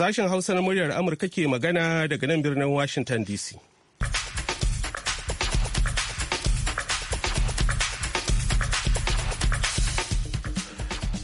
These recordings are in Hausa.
Sashen Hausa na muryar Amurka ke magana daga nan birnin Washington DC.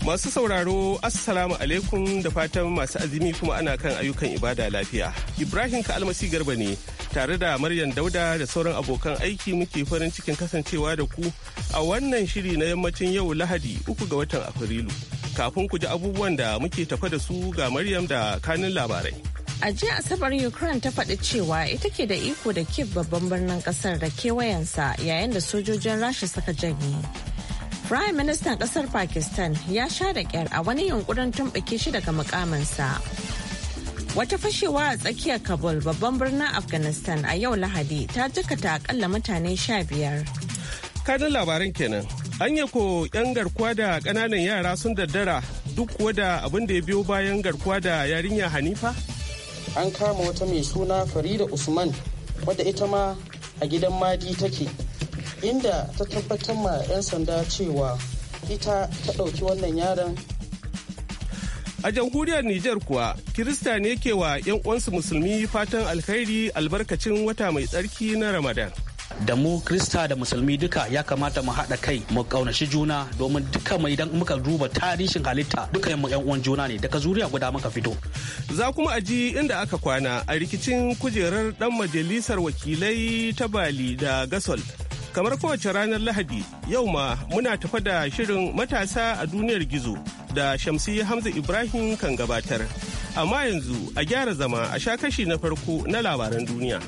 Masu sauraro, Assalamu alaikum da fatan masu azumi kuma ana kan ayyukan ibada lafiya. Ibrahim Ka'almasi Garba ne tare da Maryam Dauda da sauran abokan aiki muke farin cikin kasancewa da ku a wannan shiri na yammacin yau Lahadi uku ga watan Afrilu. kafin ku ji abubuwan da muke tafa da su ga Maryam da kanin labarai. A jiya Asabar Ukraine ta faɗi cewa ita ke da iko da Kiev babban birnin ƙasar da kewayensa yayin da sojojin Rasha suka janye. Prime minister ƙasar Pakistan ya sha da ƙyar a wani yunkurin tumɓuke shi daga mukaminsa. Wata fashewa a tsakiyar Kabul babban birnin Afghanistan a yau Lahadi ta jikata akalla mutane sha biyar. Kanin labarin kenan Anya ko 'yan garkuwa da ƙananan yara sun daddara duk kuwa da abin da ya biyo bayan garkuwa da yarinya Hanifa? An kama wata mai suna Farida Usman wadda ita ma a gidan Madi take inda ta tabbatar ma 'yan sanda cewa ita ta ɗauki wannan yaron. A jamhuriyar Nijar kuwa, Kirista ne ke wa 'yan uwansu musulmi fatan alkhairi albarkacin wata mai tsarki na Ramadan. da mu krista da musulmi duka ya kamata mu haɗa kai mu kaunaci juna domin duka mai idan muka duba tarihin halitta duka mu yan uwan juna ne daga zuriya guda muka fito za kuma a ji inda aka kwana a rikicin kujerar dan majalisar wakilai ta bali da gasol kamar kowace ranar lahadi yau ma muna tafa da shirin matasa a duniyar gizo da shamsi hamza ibrahim kan gabatar amma yanzu a gyara zama a sha kashi na farko na labaran duniya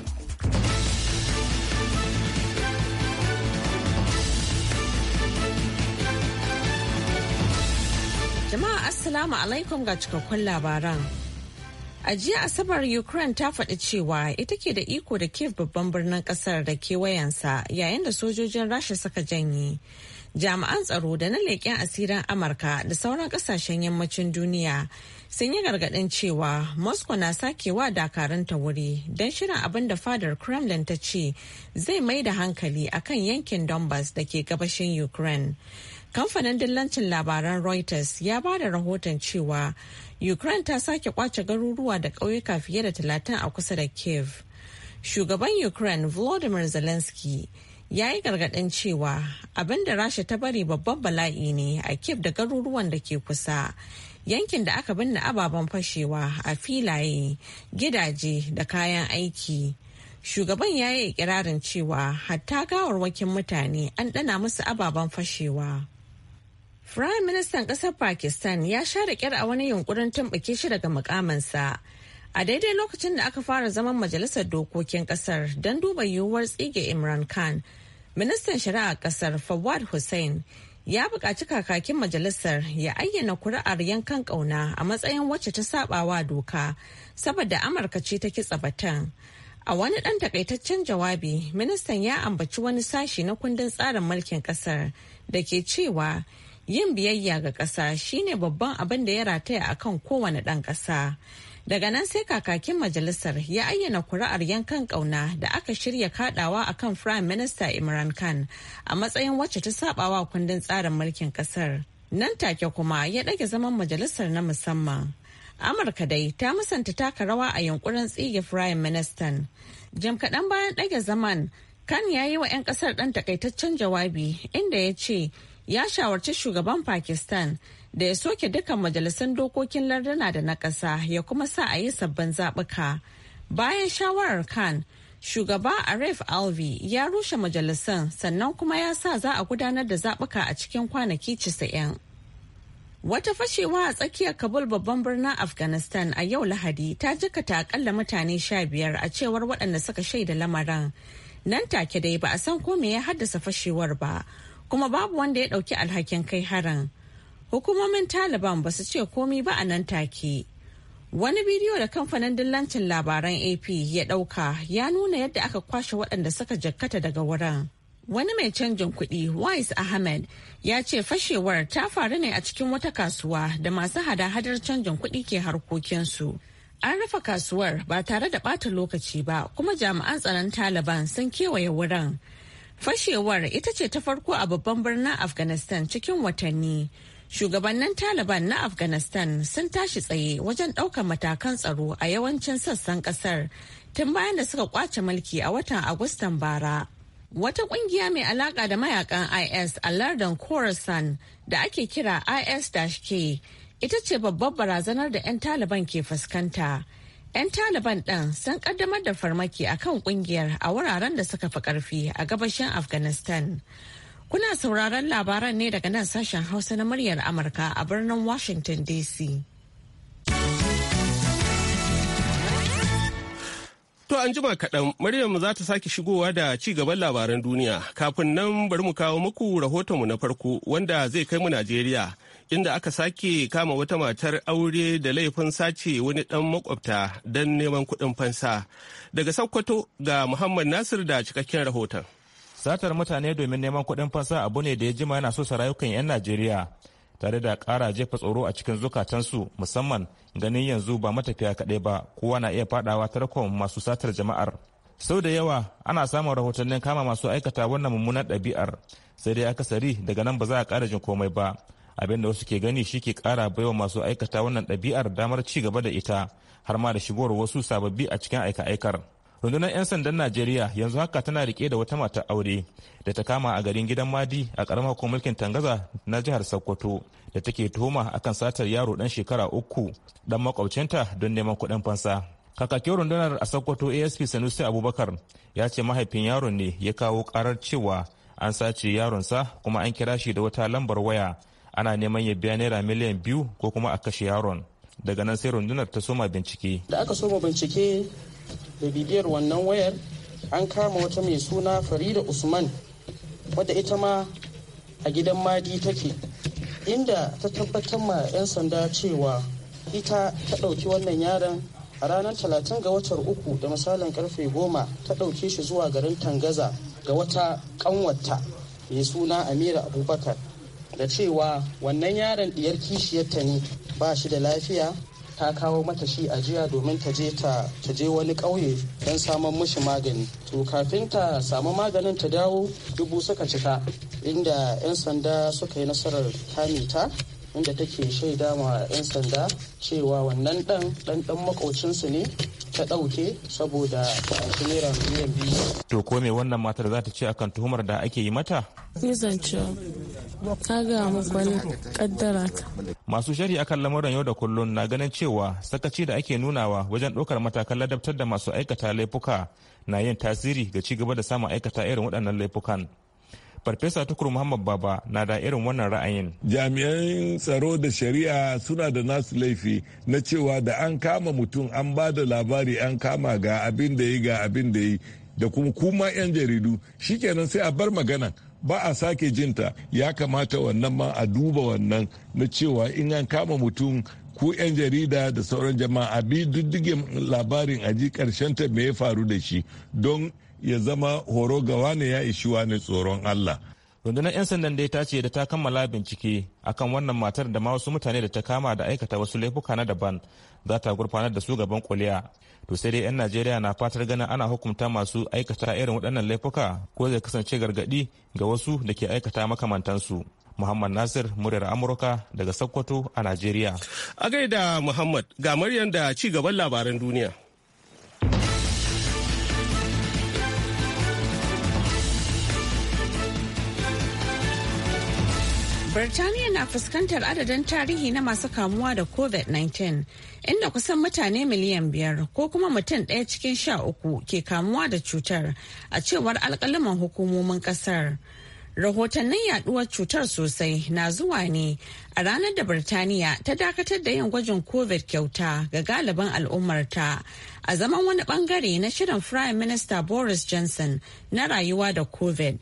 Jama'a Assalamu alaikum ga cikakkun labaran. A jiya Asabar Ukraine ta faɗi cewa ita ke da iko da Kiev babban birnin ƙasar da kewayensa yayin da sojojin Rasha suka janye. Jami'an tsaro da na leƙen asirin Amurka da sauran ƙasashen yammacin duniya sun yi gargaɗin cewa Moscow na sakewa dakaranta wuri don shirin abin da fadar Kremlin ta ce zai mai da hankali akan yankin Donbass da ke gabashin Ukraine. Kamfanin dillancin labaran Reuters ya ba da rahoton cewa Ukraine ta sake kwace garuruwa da ƙauyuka fiye da talatin a kusa da Kiev. Shugaban Ukraine Volodymyr Zelensky ya yi gargaɗin cewa abin da Rasha ta bari babban bala'i ne a Kiev da garuruwan da ke kusa. Yankin da aka binne ababen fashewa a filaye, gidaje da kayan aiki. shugaban ya yi ikirarin cewa hatta gawarwakin mutane an dana musu ababen fashewa. Firayim Ministan ƙasar Pakistan ya sha da a wani yunkurin tumɓuke shi daga mukamansa. A daidai lokacin da aka fara zaman majalisar dokokin ƙasar don duba yiwuwar tsige Imran Khan, ministan shari'a ƙasar Fawad Hussein ya buƙaci kakakin majalisar ya ayyana kuri'ar yankan ƙauna a matsayin wacce ta saɓawa doka saboda Amurka ce ta kitsa batan. A wani ɗan takaitaccen jawabi, ministan ya ambaci wani sashi na kundin tsarin mulkin ƙasar da ke cewa yin biyayya ga ƙasa shine babban abin da ya rataya a kan kowane ɗan ƙasa. Daga nan sai kakakin majalisar ya ayyana kuri'ar yankan ƙauna da aka shirya kaɗawa a kan Prime Minista Imran Khan a matsayin wacce ta saɓawa kundin tsarin mulkin ƙasar. Nan take kuma ya ɗage zaman majalisar na musamman. Amurka dai ta musanta taka rawa a yunkurin tsige Prime Minister. Jim kaɗan bayan ɗage zaman, Khan ya yi wa 'yan ƙasar ɗan takaitaccen jawabi inda ya ce ya shawarci shugaban Pakistan da ya soke dukkan majalisun dokokin lardana da na ƙasa ya kuma sa a yi sabbin zaɓuka. Bayan shawarar Khan, shugaba Arif Alvi ya rushe majalisun sannan kuma ya sa za a gudanar da zaɓuka a cikin kwanaki 90. Wata fashewa a tsakiyar Kabul babban birnin Afghanistan a yau Lahadi ta jika jikata akalla mutane sha biyar a cewar waɗanda suka shaida lamarin. Nan take dai ba a san ko me ya haddasa fashewar ba. kuma babu wanda ya ɗauki alhakin kai harin. Hukumomin Taliban ba su ce komi ba a nan take. Wani bidiyo da kamfanin dillancin labaran AP ya ɗauka ya nuna yadda aka kwashe waɗanda suka jakkata daga wurin. Wani mai canjin kuɗi Wise Ahmed ya ce fashewar ta faru ne a cikin wata kasuwa da masu hada-hadar canjin kuɗi ke harkokinsu. An rufe kasuwar ba tare da ɓata lokaci ba kuma jami'an tsaron Taliban sun kewaye wurin. Fashewar ita ce ta farko a babban birnin Afghanistan cikin watanni. Shugabannin Taliban na Afghanistan sun tashi tsaye wajen ɗaukar matakan tsaro a yawancin sassan ƙasar tun bayan da suka kwace mulki a watan Agustan bara. Wata ƙungiya mai alaƙa da mayakan IS a lardin Khorasan da ake kira IS-K ita ce babbar barazanar da 'yan Taliban ke fuskanta. 'Yan Taliban ɗin sun ƙaddamar da farmaki a kan ƙungiyar a wuraren da suka fi ƙarfi a gabashin Afghanistan. Kuna sauraron labaran ne daga nan sashen Hausa na muryar Amurka a birnin Washington DC. To an jima kaɗan Maryam za ta sake shigowa da ci gaban labaran duniya. Kafin nan bari mu kawo muku rahotonmu na farko wanda zai kai mu Najeriya inda aka sake kama wata matar aure da laifin sace wani dan makwabta don neman kuɗin fansa. Daga Sokoto ga Muhammad Nasir da cikakken rahoton. Satar mutane domin neman kuɗin fansa abu ne da ya jima yana so rayukan 'yan Najeriya tare da kara jefa tsoro a cikin zukatansu musamman ganin yanzu ba matafiya kaɗai ba kowa na iya faɗawa tarkon masu satar jama'ar. sau da yawa ana samun rahotannin kama masu aikata wannan mummunar ɗabi'ar sai dai akasari daga nan ba za a ƙara jin komai ba abinda wasu ke gani shi ke kara baiwa masu aikata wannan ɗabi'ar damar ci gaba da ita har ma da shigowar wasu sababbi a cikin aika-aikar rundunar 'yan sandan najeriya yanzu haka tana rike da wata matar aure da ta kama a garin gidan madi a karamar hukumar mulkin tangaza na jihar sokoto da take tuhuma akan satar yaro dan shekara uku dan makwabcinta don neman kuɗin fansa kakakin rundunar a sokoto asp sanusi abubakar ya ce mahaifin yaron ne ya kawo karar cewa an sace yaron sa kuma an kira shi da wata lambar waya ana neman ya biya naira miliyan biyu ko kuma a kashe yaron daga nan sai rundunar ta soma bincike da aka soma bincike da bibiyar wannan wayar an kama wata mai suna farida usman wadda ita ma a gidan madi take inda ta tabbatar ma 'yan sanda cewa ita ta ɗauki wannan yaron a ranar talatin ga watan uku da misalin karfe goma ta ɗauke shi zuwa garin tangaza ga wata ƙanwata mai suna amira abubakar da cewa wannan yaron diyar kishiyarta ne ba shi da lafiya ta kawo mata shi a jiya domin ta je ta je wani ƙauye don samun mishi magani to kafin ta samu maganin ta dawo dubu suka cika inda 'yan sanda suka yi nasarar kame ta inda take shaida ma 'yan sanda cewa wannan dan dan dan makocinsu ne ta ɗauke saboda shi naira miliyan biyu to ko me wannan matar za ta ce akan tuhumar da ake yi mata ta gaya kaddara ta. Masu shari akan lamuran yau da kullum na ganin cewa sakaci da ake nunawa wajen ɗaukar matakan ladabtar da masu aikata laifuka na yin tasiri ga ci gaba da samun aikata irin waɗannan laifukan. Farfesa Tukur Muhammad Baba na da irin wannan ra'ayin. Jami'an tsaro da shari'a suna da nasu laifi na cewa da an kama mutum an ba da labari an kama ga abin da yi ga abin da yi da kuma kuma 'yan jaridu shikenan sai a bar magana ba a sake jinta ya kamata wannan ma a duba wannan na cewa in an kama mutum ko 'yan jarida da sauran jama'a bi diddigin labarin a aji ta me ya faru da shi don ya zama horo ga wane ya ishi ne tsoron Allah. rundunar 'yan sandan dai ta ce da ta kammala bincike akan wannan matar da ma wasu mutane da ta kama da aikata wasu laifuka na daban za ta gurfanar da su gaban kuliya to sai dai 'yan najeriya na fatar ganin ana hukunta masu aikata irin waɗannan laifuka ko zai kasance gargaɗi ga wasu da ke aikata makamantansu muhammad nasir muryar amurka daga sokoto a najeriya a gaida muhammad ga maryam da ci gaban labaran duniya Birtaniya na fuskantar adadin tarihi na masu kamuwa da COVID-19 inda kusan mutane miliyan biyar ko kuma mutum ɗaya cikin sha uku ke kamuwa da cutar a cewar alkaliman hukumomin ƙasar. Rahotannin yaduwar cutar sosai na zuwa ne a ranar da Birtaniya ta dakatar da yin gwajin COVID kyauta ga galibin al'ummarta a zaman wani bangare na shirin Prime Minister Boris Johnson na rayuwa da COVID.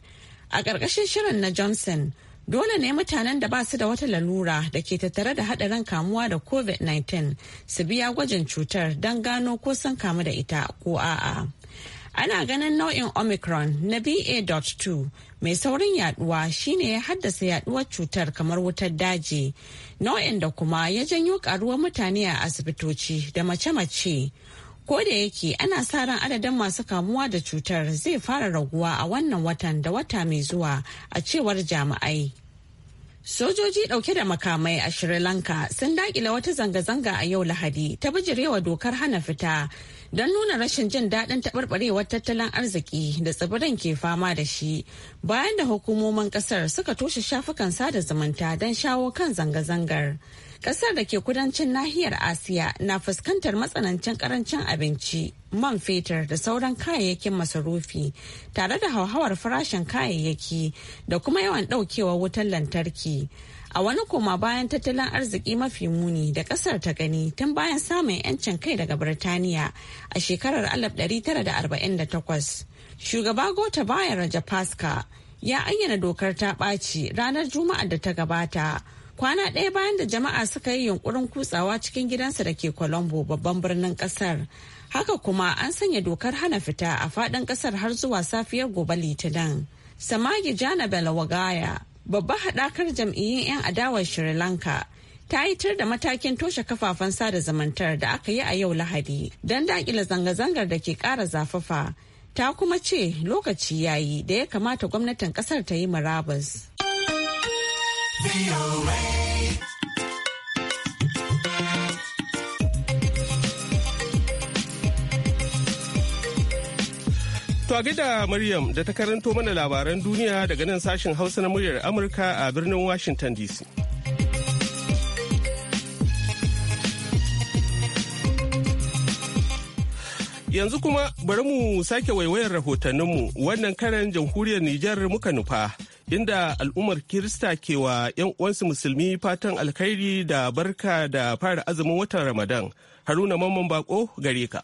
A ƙarƙashin shirin na Johnson, Dole ne mutanen da ba su da wata lalura da ke tattare da haɗarin kamuwa da COVID-19 su biya gwajin cutar don gano ko sun kamu da ita ko a'a. Ana ganin nau'in Omicron na BA.2 mai saurin yaduwa shine ya haddasa yaduwar cutar kamar wutar daji, nau'in da kuma ya janyo karuwar mutane a asibitoci da mace-mace. Ko da yake ana sa ran adadin masu kamuwa da cutar zai fara raguwa a wannan watan da wata mai zuwa a cewar jami'ai. Sojoji ɗauke da makamai a Sri Lanka sun daƙile wata zanga-zanga a yau Lahadi ta bijirewa dokar hana fita don nuna rashin jin daɗin taɓarɓarewar tattalin arziki da tsibirin ke fama da shi bayan da hukumomin ƙasar suka toshe shafukan sada zumunta don shawo kan zanga-zangar. Ƙasar da ke kudancin nahiyar Asiya na fuskantar matsanancin ƙarancin abinci, man fetur da sauran kayayyakin masarufi, tare da hauhawar farashin kayayyaki da kuma yawan ɗaukewar wutar lantarki. a wani koma bayan tattalin arziki mafi muni da kasar ta gani tun bayan samun 'yancin kai daga birtaniya a shekarar 1948 shugaba gota bayan rajapaksa ya ayyana dokar ta ɓaci ranar juma'a da ta gabata kwana ɗaya bayan da jama'a suka yi yunkurin kutsawa cikin gidansa da ke colombo babban birnin ƙasar haka kuma an sanya dokar hana fita a faɗin ƙasar har zuwa safiyar gobe litinin samagi jana Wagaya. babbar haɗakar jam'iyyun 'yan adawar sri lanka ta yitar da matakin toshe kafafen sada zumuntar da aka yi a yau lahadi don dakila zanga-zangar da ke ƙara zafafa ta kuma ce lokaci yayi da ya kamata gwamnatin ƙasar ta yi murabus. To a gida Maryam da ta karanto mana labaran duniya daga nan sashen Hausa na muryar Amurka a birnin Washington DC. Yanzu kuma bari mu sake waiwayar rahotanninmu wannan karan jamhuriyar Nijar muka nufa inda al'ummar Kirista ke wa 'yan uwansu musulmi fatan alkhairi da barka da fara azumin watan Ramadan. Haruna Mamman Bako gare ka.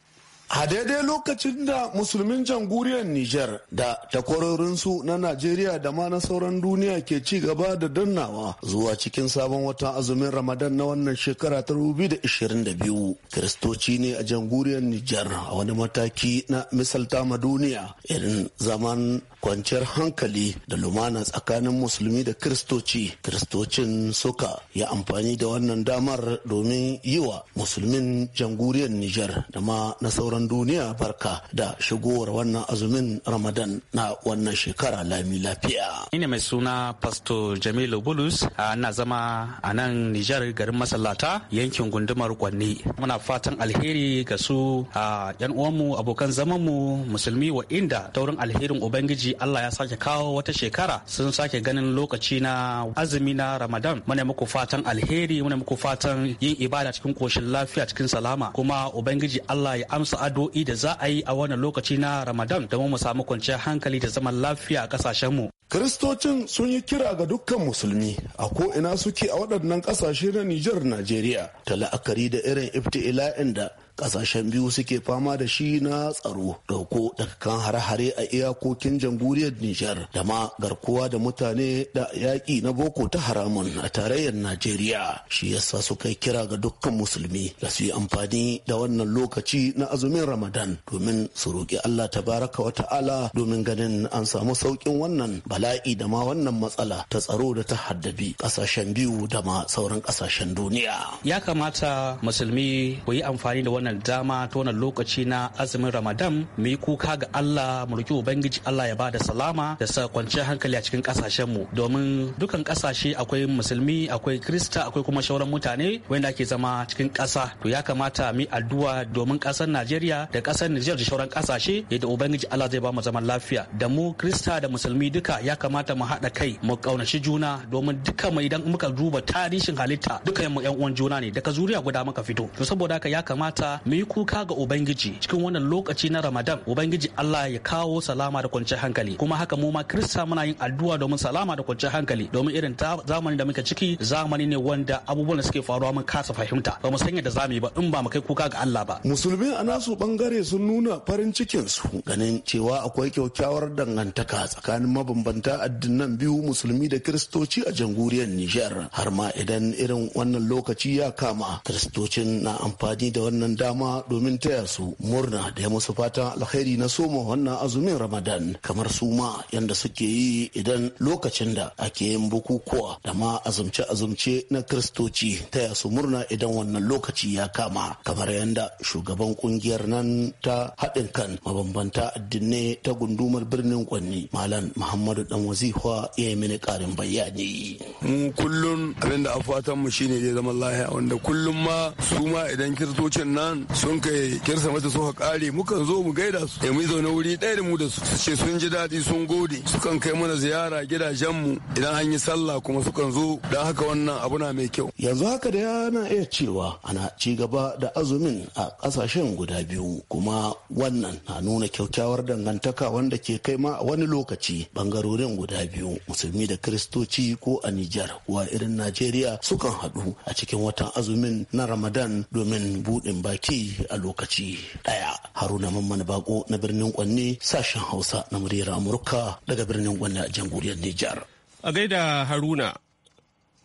A daidai lokacin da musulmin janguriyar Nijar da takwarorinsu na Najeriya da ma na sauran duniya ke ci gaba da dannawa zuwa cikin sabon watan azumin Ramadan na wannan shekara ta 2022. Kiristoci ne a janguriyar Nijar a wani mataki na misalta ma duniya irin zaman kwanciyar hankali da lumana tsakanin musulmi da kiristoci. Kiristocin suka yi amfani da wannan damar domin yi wa musulmin janguriyar Nijar da ma na sauran sauran duniya barka da shigowar wannan azumin Ramadan na wannan shekara lami lafiya. Ina mai suna Pastor Jamilu Bulus ana zama a nan Nijar garin masallata yankin gundumar Kwanni. Muna fatan alheri ga su a yan uwanmu abokan zaman mu musulmi wa inda taurin alherin Ubangiji Allah ya sake kawo wata shekara sun sake ganin lokaci na azumi na Ramadan. Muna muku fatan alheri muna muku fatan yin ibada cikin koshin lafiya cikin salama kuma Ubangiji Allah ya amsa addu'o'i da za a yi a wannan lokaci na Ramadan domin mu samu kwanciyar hankali da zaman lafiya a kasashenmu. Kiristocin sun yi kira ga dukkan musulmi a ko'ina suke a waɗannan ƙasashe na Nijar Najeriya ta la'akari da irin iftiila'in da ƙasashen biyu suke fama da shi na tsaro dauko daga kan hare-hare a iyakokin jamhuriyar Nijar da ma garkuwa da mutane da yaƙi na boko ta haramun a tarayyar Najeriya shi yasa suka yi kira ga dukkan musulmi da su yi amfani da wannan lokaci na azumin Ramadan domin su roƙi Allah tabaraka wa ta'ala domin ganin an samu sauƙin wannan bala bala'i da ma wannan matsala ta tsaro da ta haddabi kasashen biyu da ma sauran kasashen duniya ya kamata musulmi ku yi amfani da wannan dama ta wannan lokaci na azumin ramadan mu yi kuka ga allah mu roki ubangiji allah ya bada salama da sa kwanciyar hankali a cikin kasashen mu domin dukan kasashe akwai musulmi akwai krista akwai kuma shauran mutane wanda ke zama cikin kasa to ya kamata mu yi addu'a domin kasar najeriya da kasar Niger da shauran kasashe yadda ubangiji allah zai ba mu zaman lafiya da mu krista da musulmi duka ya kamata mu haɗa kai mu ƙaunaci juna domin duka mai idan muka duba tarihin halitta duka mu yan uwan juna ne daga zuriya guda muka fito to saboda haka ya kamata mu yi kuka ga ubangiji cikin wannan lokaci na ramadan ubangiji Allah ya kawo salama da kwanciyar hankali kuma haka mu ma kirista muna yin addu'a domin salama da kwanciyar hankali domin irin zamanin da muke ciki zamani ne wanda abubuwan da suke faruwa mun kasa fahimta ba mu san yadda zamu yi ba in ba mu kai kuka ga Allah ba musulmi a nasu bangare sun nuna farin cikin su ganin cewa akwai kyakkyawar dangantaka tsakanin mabambanta mabambanta addinan biyu musulmi da kiristoci a jamhuriyar Nijar har ma idan irin wannan lokaci ya kama kiristocin na amfani da wannan dama domin taya su murna da ya musu fatan alkhairi na soma wannan azumin Ramadan kamar su ma yanda suke yi idan lokacin da ake yin bukukuwa da ma azumce-azumce na kiristoci taya su murna idan wannan lokaci ya kama kamar yanda shugaban kungiyar nan ta haɗin kan mabambanta addinai ta gundumar birnin Kwanni Malam Muhammadu da Dan Wazifa ya yi mini karin bayani. Mu kullum abin da fatan mu shine zai zama lahiya wanda kullum ma su ma idan kirtocin nan sun kai kirsa mata suka kare mukan zo mu gaida su. Eh, mu zaune wuri ɗaya da mu da su ce sun ji daɗi sun gode sukan kai mana ziyara gidajen mu idan an yi sallah kuma sukan zo da haka wannan abu na mai kyau. Yanzu haka da yana iya cewa ana ci gaba da azumin a kasashen guda biyu kuma wannan na nuna kyakkyawar dangantaka wanda ke kai ma a wani lokaci bangarori wurin guda biyu musulmi da kiristoci ko a Nijar wa irin Najeriya sukan haɗu a cikin watan azumin na Ramadan domin buɗin baki a lokaci ɗaya. Haruna Mamman Bako na birnin Kwanne sashen Hausa na muryar Amurka daga birnin Kwanne a jamhuriyar Nijar. A gaida Haruna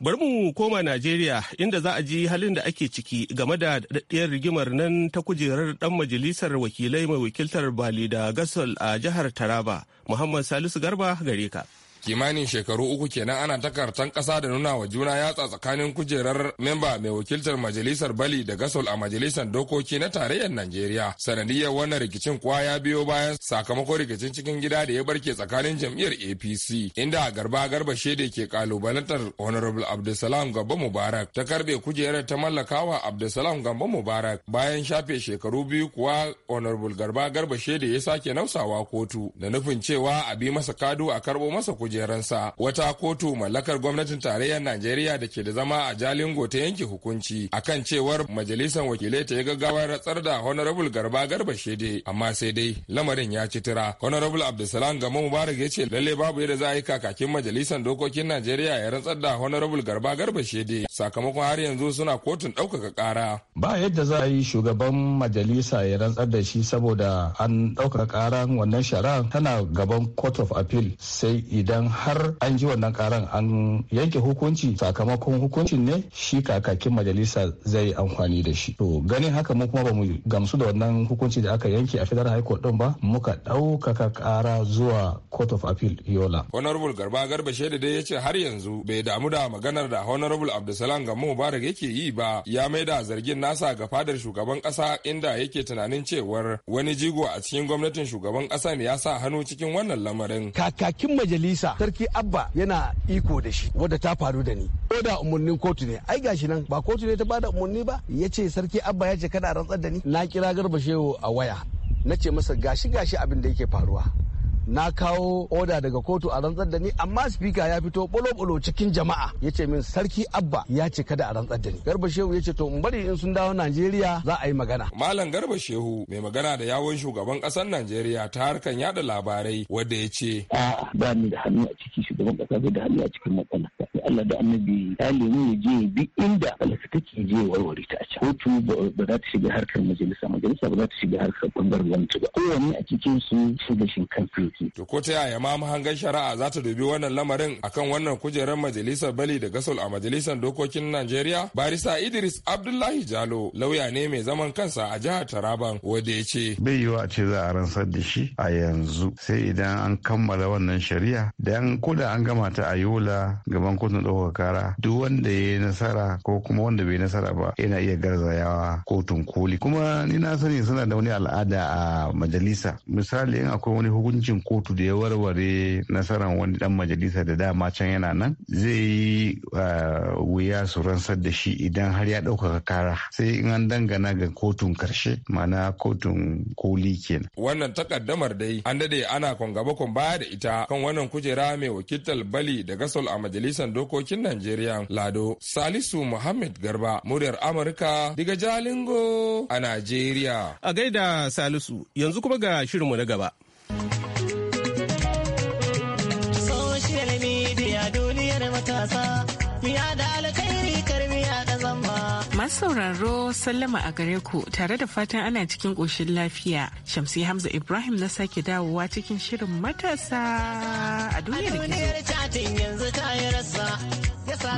Bari mu koma Najeriya inda za a ji halin da ake ciki game da daɗaɗɗiyar rigimar nan ta kujerar ɗan majalisar wakilai mai wakiltar Bali da Gasol a jihar Taraba, Muhammad Salisu Garba gare ka. kimanin shekaru uku kenan ana takartan ƙasa da nuna wa juna yatsa tsakanin kujerar memba mai wakiltar majalisar bali da gasol a majalisar dokoki na tarayyar najeriya sanadiyar wannan rikicin kuwa ya biyo bayan sakamakon rikicin cikin gida da ya barke tsakanin jam'iyyar apc inda a garba garba shede ke kalubalantar honorable abdulsalam gamba mubarak ta karbe kujerar ta mallakawa abdulsalam gamba mubarak bayan shafe shekaru biyu kuwa honorable garba garba shede ya sake nausawa kotu da nufin cewa a bi masa kado a karbo masa kujera kujeransa wata kotu mallakar gwamnatin tarayyar najeriya da ke da zama a jalingo ta yanke hukunci akan cewar majalisar wakilai ta yi gaggawar ratsar da honorable garba garba shede amma sai dai lamarin ya ci tura honorable abdulsalam gama mubarak ya ce lalle babu yadda za a yi kakakin majalisar dokokin najeriya ya rantsar da honorable garba garba shede sakamakon har yanzu suna kotun ɗaukaka ƙara ba yadda za a yi shugaban majalisa ya rantsar da shi saboda an ɗaukaka ƙaran wannan shara tana gaban court of appeal sai idan idan har an ji wannan karan an yanke hukunci sakamakon hukuncin ne shi kakakin majalisa zai amfani da shi to ganin haka mu kuma mu gamsu da wannan hukunci da aka yanke a federal high court din ba muka ɗaukaka kara zuwa court of appeal yola honorable garba garba shaida dai yace har yanzu bai damu da maganar da honorable abdulsalam ba mubarak yake yi ba ya maida zargin nasa ga fadar shugaban kasa inda yake tunanin cewar wani jigo a cikin gwamnatin shugaban kasa ne ya sa hannu cikin wannan lamarin kakakin majalisa sa sarki abba yana iko da shi wadda ta faru da ni ko da umarnin kotu ne ai gashi nan ba kotu ne ta bada umarni ba ya ce sarki abba ya ce kada rantsar da ni na kira garba shehu a waya na ce masa gashi gashi abin da yake faruwa na kawo oda daga kotu a rantsar da ni amma speaker ya fito bolo-bolo cikin jama'a ya ce min sarki abba ya ce kada a rantsar da ni garba shehu ya ce to bari in sun dawo najeriya za a yi magana malam garba shehu mai magana da yawon shugaban kasar najeriya ta harkar yada labarai wadda ya ce a ba ni da hannu a ciki shugaban kasa bai da hannu a cikin matsala Allah da annabi ya lemu ya je bi inda falasa take je warware ta a can kotu ba za ta shiga harkar majalisa majalisa ba za ta shiga harkar bangaren wani ba kowanne a cikin su shiga shinkan aiki. To ko ta yaya ma mahangar shari'a za ta dubi wannan lamarin akan wannan kujerar majalisar bali da gasol a majalisar dokokin Najeriya? Barisa Idris Abdullahi Jalo lauya ne mai zaman kansa a jihar Taraban wanda ya ce. Bai yiwa a ce za a rantsar da shi a yanzu sai idan an kammala wannan shari'a dan koda an gama ta a yola gaban kotun ɗaukar kara duk wanda ya yi nasara ko kuma wanda bai nasara ba yana iya garzayawa kotun koli kuma ni na sani suna da wani al'ada a majalisa misali in akwai wani hukuncin kotu da ya warware nasarar wani dan majalisa da dama can yana nan zai yi ah, wuya su ransar da shi idan har ya ɗaukaka kara sai in an dangana ga kotun karshe mana kotun koli kenan. wannan takaddamar dai an dade ana kwangaba kun baya da ita kan wannan kujera mai wakiltar bali da gasol a majalisar dokokin najeriya lado salisu muhammad garba muryar amurka diga jalingo a najeriya a gaida salisu yanzu kuma ga shirinmu na gaba. Masu sauraro sallama a gare ku tare da fatan ana cikin ƙoshin lafiya. Shamsi Hamza Ibrahim na sake dawowa cikin shirin matasa a duniyar gizo.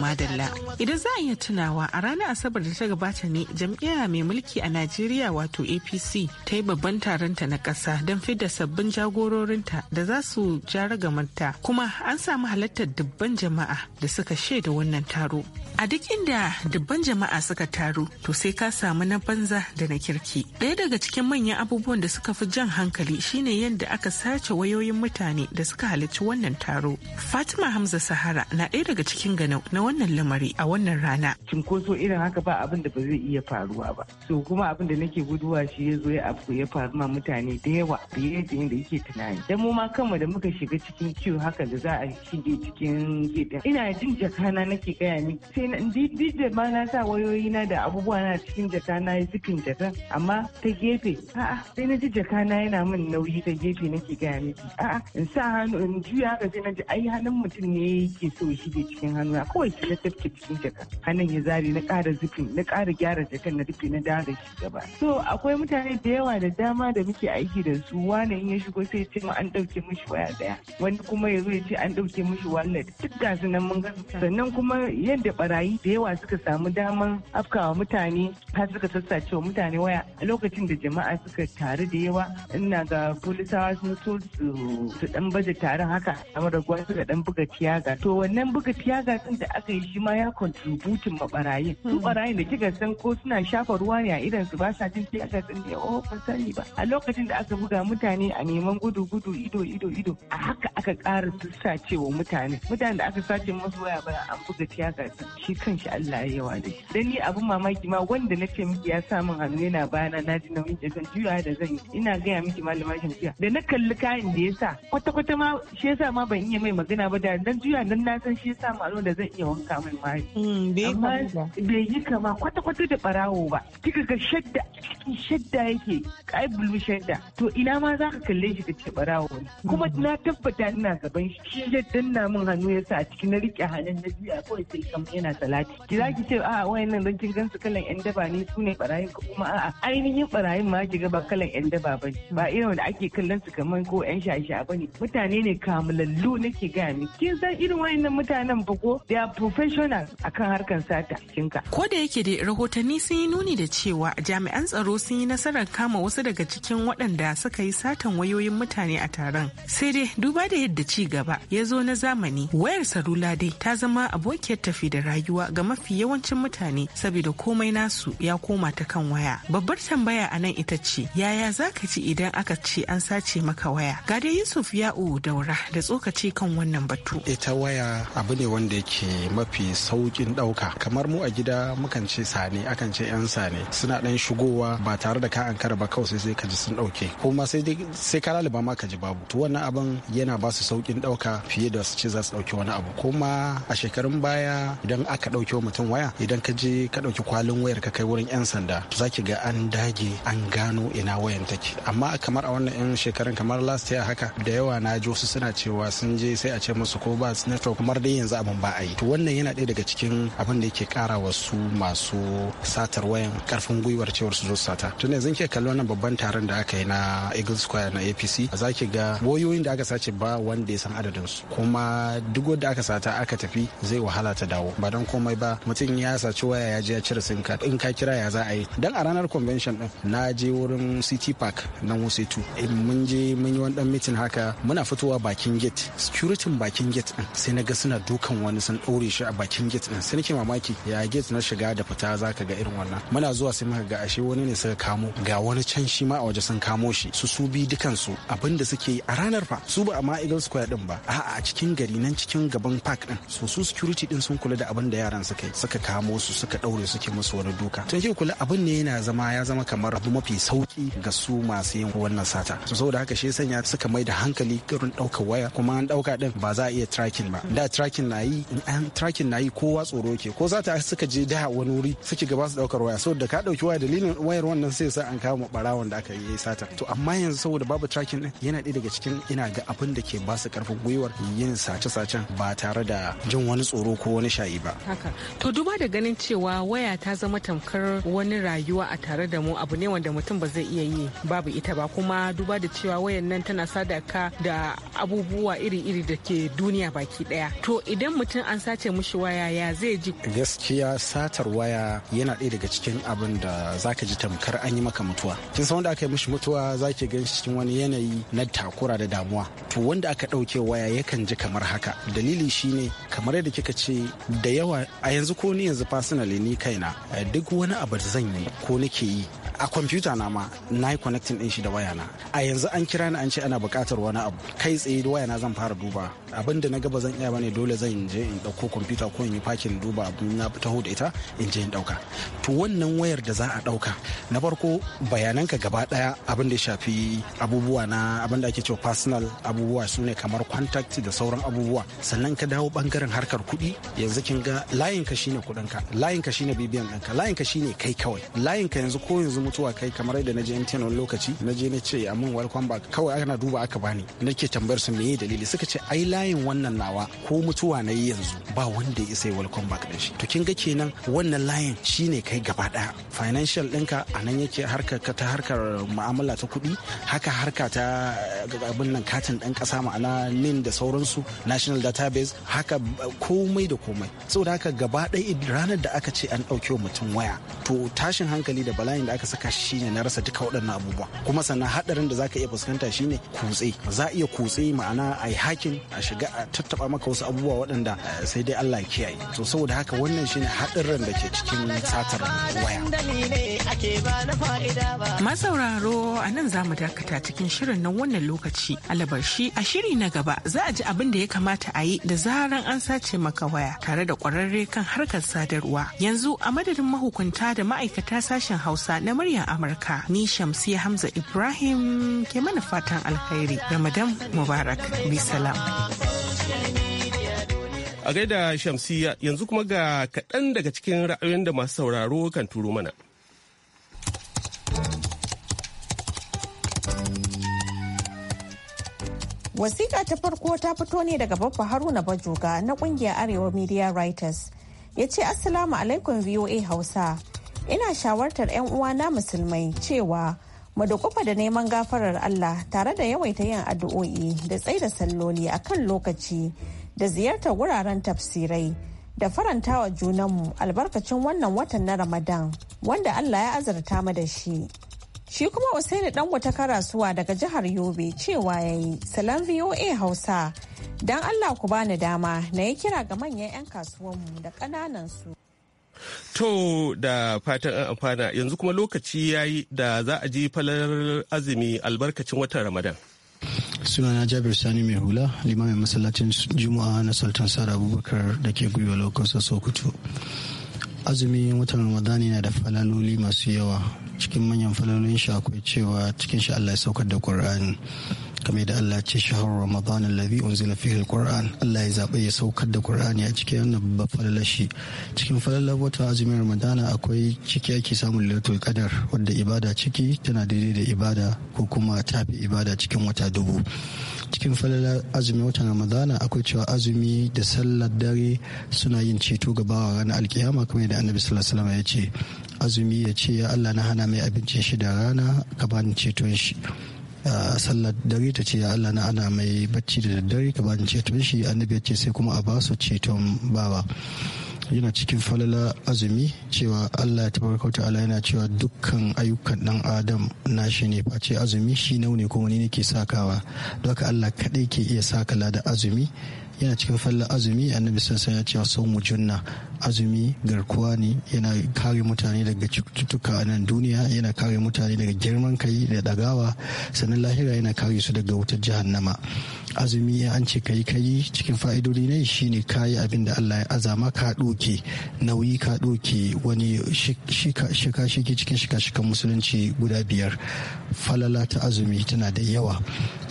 Madalla. Idan za a iya tunawa a ranar Asabar da ta gabata ne jam'iyya mai mulki a Najeriya wato APC ta yi babban taronta na ƙasa don fidda sabbin jagororinta da za su ja ragamarta kuma an samu halartar dubban jama'a da suka shaida wannan taro. A duk inda dubban jama'a suka taru to sai ka samu na banza da na kirki. Ɗaya daga cikin manyan abubuwan da suka fi jan hankali shine yadda aka sace wayoyin mutane da suka halarci wannan taro. Fatima Hamza Sahara na ɗaya daga cikin ganin na wannan lamari a wannan rana. Cinkoso irin haka ba abin da ba zai iya faruwa ba. So kuma abin da nake guduwa shi ya zo ya abu ya faru ma mutane da yawa fiye da yadda yake tunani. Dan mu ma kanmu da muka shiga cikin kiyo haka da za a shige cikin gida. Ina jin jakana nake gaya ni sai na duk da ma na sa wayoyi na da abubuwa na cikin jakana ya zikin jaka amma ta gefe a'a sai na ji jakana yana min nauyi ta gefe nake gaya ni. a'a in sa hannu in juya haka sai na ji ai hannun mutum ne yake so shige cikin hannu kawai shiga tafke cikin jaka hannun ya zari na ƙara zufin na ƙara gyara jakan na rufe na dawo shi gaba so akwai mutane da yawa da dama da muke aiki da su wane in ya shigo sai ce an ɗauke mishi waya ɗaya wani kuma ya zo ya ce an ɗauke mishi wallet duk ga su nan mun ga sannan kuma yadda barayi da yawa suka samu daman afkawa mutane har suka sassace wa mutane waya a lokacin da jama'a suka taru da yawa ina ga polisawa sun so su dan baje taron haka da mara suka dan buga tiyaga to wannan buga tiyaga sun da aka yi shi ma ya kontributin ma barayin su hmm. barayin da kika san ko suna shafa ruwa ne a idan su ba sa jin sai aka san ne oh ban sani ba a lokacin da aka buga mutane a neman gudu gudu ido ido ido a haka aka ƙara sace wa mutane mutane da aka sace masu waya ba an buga tiyaka shi kanshi Allah ya yawa da shi dan ni abun mamaki ma wanda na ce miki ya sa min hannu yana bayana na ji nauyin zan juya da zan yi ina gaya miki malama shamsiya da na kalli kayan da ya sa kwata kwata ma shi ya sa ma ban iya mai magana ba da dan juya nan na san shi ya sa ma da zan iya wanka mai mm, mai amma bai yi kama kwata-kwata da barawo ba kika ga shadda cikin shadda yake kai bulu shadda to ina ma za ka kalle shi ka ce barawo ne kuma mm. na tabbata ina gaban shi shi ya danna min hannu ya sa a cikin na riƙe hannun na biya kawai sai kama yana salati ki za ki ce a nan zan kin gansu kalan yan daba ne su ne barayin kuma a'a ainihin barayin ma ki ga kalan yan daba ba ba irin da ake kallon su kamar ko yan shasha ba ne mutane ne kamulallu nake gaya ne. kin san irin nan mutanen ba ko they are professional kan harkar sata kinka. Ko da yake dai rahotanni sun yi nuni da cewa jami'an tsaro sun yi nasarar kama wasu daga cikin waɗanda suka yi satan wayoyin mutane a taron. Sai dai duba da yadda ci gaba ya zo na zamani wayar salula dai ta zama abokiyar tafi da rayuwa ga mafi yawancin mutane saboda komai nasu ya koma ta kan waya. Babbar tambaya a nan ita ce yaya za ka ci idan aka ce an sace maka waya? Ga dai Yusuf Ya'u Daura da tsokaci kan wannan batu. Ita waya abu ne wanda yake ke mafi saukin ɗauka kamar mu a gida mukan ce sane akan ce 'yan sani suna ɗan shigowa ba tare da ka ankara ba kawai sai ka ji sun ɗauke kuma sai ka laliba ma ka ji babu to wannan abin yana ba su saukin ɗauka fiye da su ce za su ɗauki wani abu kuma a shekarun baya idan aka ɗauke mutum waya idan ka je ka ɗauki kwalin wayar ka kai wurin 'yan sanda za ki ga an dage an gano ina wayan take amma kamar a wannan 'yan shekarun kamar last year haka da yawa na ji wasu suna cewa sun je sai a ce musu ko ba network kamar dai yanzu abin ba a yi yi to wannan yana ɗaya daga cikin abin da yake kara wasu masu satar wayan karfin gwiwar cewar su zo sata tun yanzu ke kallon wannan babban taron da aka yi na eagle square na apc za ki ga wayoyin da aka sace ba wanda ya san adadin su kuma duk wanda aka sata aka tafi zai wahala ta dawo ba don komai ba mutum ya saci waya ya je ya cire sim card in ka kira ya za a yi dan a ranar convention din na je wurin city park na wuse 2 mun je mun yi wani dan meeting haka muna fitowa bakin gate security bakin gate din sai na ga suna dukan wani sun ɗore shi a bakin gate ɗin sai nake mamaki ya gate na shiga da fita za ka ga irin wannan muna zuwa sai muka ga ashe wani ne suka kamo ga wani can shi ma a waje sun kamo shi su su bi dukansu abin da suke yi a ranar fa su ba a ma Eagle Square din ba a'a a cikin gari nan cikin gaban park din so su security din sun kula da abin da yaran suka yi suka kamo su suka ɗaure suke musu wani duka tun ke kula abin ne yana zama ya zama kamar abu mafi sauki ga su masu yin wannan sata so saboda haka shi sanya suka mai da hankali garin ɗaukar waya kuma an ɗauka din ba za a iya tracking ba da tracking na yi in an tracking na yi kowa tsoro ke ko za ta suka je da wani wuri suke gaba su daukar waya saboda ka dauki waya dalilin wayar wannan sai sa an kama barawon da aka yi sata to amma yanzu saboda babu tracking din yana ɗaya daga cikin ina ga abin da ke ba su karfin gwiwar yin sace-sacen ba tare da jin wani tsoro ko wani shayi ba haka to duba da ganin cewa waya ta zama tamkar wani rayuwa a tare da mu abu ne wanda mutum ba zai iya yi babu ita ba kuma duba da cewa wayan nan tana sadaka da abubuwa iri-iri da ke duniya baki daya to idan mutum an sace mushi waya ya zai ji gaskiya satar waya yana ɗaya daga cikin abin da zaka ji tamkar an yi maka mutuwa kin san wanda aka yi mushi mutuwa zaki gan shi cikin wani yanayi na takura da damuwa to wanda aka ɗauke waya yakan ji kamar haka dalili shine kamar yadda kika ce da yawa a yanzu ko ni yanzu personally ni kaina eh, duk wani abu da zan yi ko nake yi a kwamfuta na ma na yi connecting din shi da waya na a yanzu an kira ni an ce ana buƙatar wani abu kai tsaye da na zan fara duba abin da na gaba zan iya bane dole zan je in ɗauko kwamfuta ko in yi fakin duba abin na taho da ita in je in dauka to wannan wayar da za a ɗauka na farko bayananka gaba ɗaya abin da ya shafi abubuwa na abin da ake cewa personal abubuwa su ne kamar contact da sauran abubuwa sannan ka dawo bangaren harkar kuɗi yanzu kin ga layinka shine kuɗinka layinka shine bibiyan ɗinka layinka shine kai kawai layinka yanzu ko yanzu mutuwa kai kamar yadda na je MTN wani lokaci na je na ce a mun welcome back kawai ana duba aka bani nake tambayar su meye dalili suka ce ai layin wannan nawa ko mutuwa na yi yanzu ba wanda ya isa yi welcome back din shi to kin ga kenan wannan layin shine kai gaba daya financial ɗinka a nan yake harkar ta harkar mu'amala ta kuɗi haka harka ta eh, abin nan katin ɗan ƙasa ma'ana nin da sauransu national database haka komai da komai saboda haka gaba ɗaya ranar da aka ce an ɗauke mutum waya to tashin hankali da bala'in da aka saka haka shine na rasa duka waɗannan abubuwa kuma sannan haɗarin da zaka iya fuskanta shine kutse za a iya kutse ma'ana a yi hakin a shiga a tattaba maka wasu abubuwa waɗanda eh, sai dai Allah ya kiyaye to saboda haka wannan shine haɗarin da ke cikin satar waya masauraro a nan za mu dakata cikin shirin na wannan lokaci alabarshi a shiri na gaba za a ji abin da ya kamata a yi da zaran an sace maka waya tare da kwararre kan harkar sadarwa yanzu a madadin mahukunta da ma'aikata sashen hausa na murya murya Amurka ni Shamsiya Hamza Ibrahim ke mana fatan alkhairi Ramadan Mubarak bisalam. A gaida Shamsiya yanzu kuma ga kaɗan daga cikin ra'ayoyin da masu sauraro kan turo mana. Wasiƙa ta farko ta fito ne daga babba Haruna Bajoga na ƙungiyar Arewa Media Writers. Ya ce Assalamu alaikum VOA Hausa. ina shawartar 'yan uwana musulmai cewa mu dukufa da neman gafarar Allah tare da yawaita yin addu'o'i da tsaida salloli akan lokaci da ziyartar wuraren tafsirai da farantawa junanmu albarkacin wannan watan na Ramadan wanda Allah ya azurta mu da shi. Shi kuma Usaini dan wata karasuwa daga jihar Yobe cewa ya yi salam VOA Hausa don Allah ku bani dama na yi kira ga manyan 'yan kasuwanmu da ƙananan su. To da fatan an amfana yanzu kuma lokaci ya yi da za a ji falar azumi albarkacin watan Ramadan. sunana jabir sani mai hula limamin masallacin juma'a na sultan sara abubakar da ke gwiwa lokacin sokoto azumin watan ramadani na da falaloli masu yawa cikin manyan falalolin shi akwai cewa cikin shi allah ya saukar da qur'ani kamar da Allah ce shahar Ramadan alladhi unzila fihi alquran Allah ya zabe ya saukar da Qur'ani a cikin wannan babban shi cikin falalar watan azumin ramadana akwai ciki ake samun lailatul qadar wadda ibada ciki tana daidai da ibada ko kuma tafi ibada cikin wata dubu cikin falalar azumin watan ramadana akwai cewa azumi da sallar dare suna yin ceto ga bawa ranar alkiyama kamar yadda annabi sallallahu ya ce azumi ya ce ya allah na hana mai abincin shi da rana ka bani ceton shi a sallar dare ta ce ya Allah na ana mai bacci da daddare ka bani ceton shi annabi ya ce sai kuma a basu ceton bawa yana cikin falala azumi cewa Allah ya tabaraka ta'ala yana cewa dukkan ayyukan dan adam na shi ne face azumi shi ko kuma ne ke sakawa don haka Allah kadai ke iya saka da azumi yana cikin fallon azumi annabi sassan ya ce sau junna azumi garkuwa ne yana kare mutane daga cututtuka a nan duniya yana kare mutane daga girman kai da dagawa sannan lahira yana kare su daga wutar jahannama azumi ya an ce kai kai cikin fa'idodi ne shine kayi abin da Allah ya azama ka doke nauyi ka doke wani shika shiki cikin shika shikan musulunci guda biyar falala ta azumi tana da yawa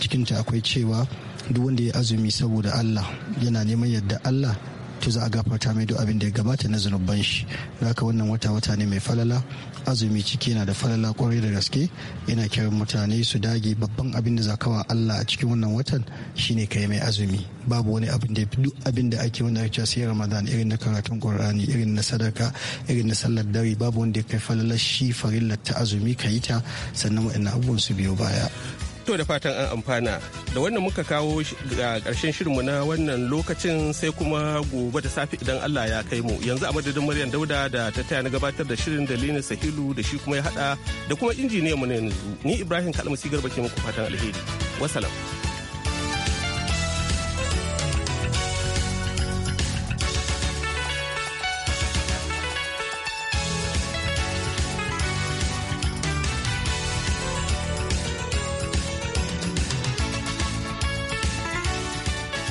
cikinta akwai cewa duk wanda ya azumi saboda Allah yana neman yadda Allah to za a gafarta mai duk abin da ya gabata na zunuban shi haka wannan wata wata ne mai falala azumi ciki yana da falala kwarai da gaske yana kiran mutane su dage babban abin da zakawa Allah a cikin wannan watan shine kai mai azumi babu wani abin da duk abin da ake wanda ake sai Ramadan irin na karatun Qur'ani irin na sadaka irin na sallar dare babu wanda ya kai falala shi farillar ta azumi ka yi ta sannan wa'annan abubuwan su biyo baya To da fatan an amfana da wannan muka kawo ga ƙarshen shirinmu na wannan lokacin sai kuma gobe da safi idan Allah ya kai mu yanzu a madadin Maryam Dauda da ta taya na gabatar da shirin da Lina Sahilu da shi kuma ya hada da kuma injiniyan mu ne yanzu ni Ibrahim Kalmasi Garba ke muku fatan alheri. Wassalam.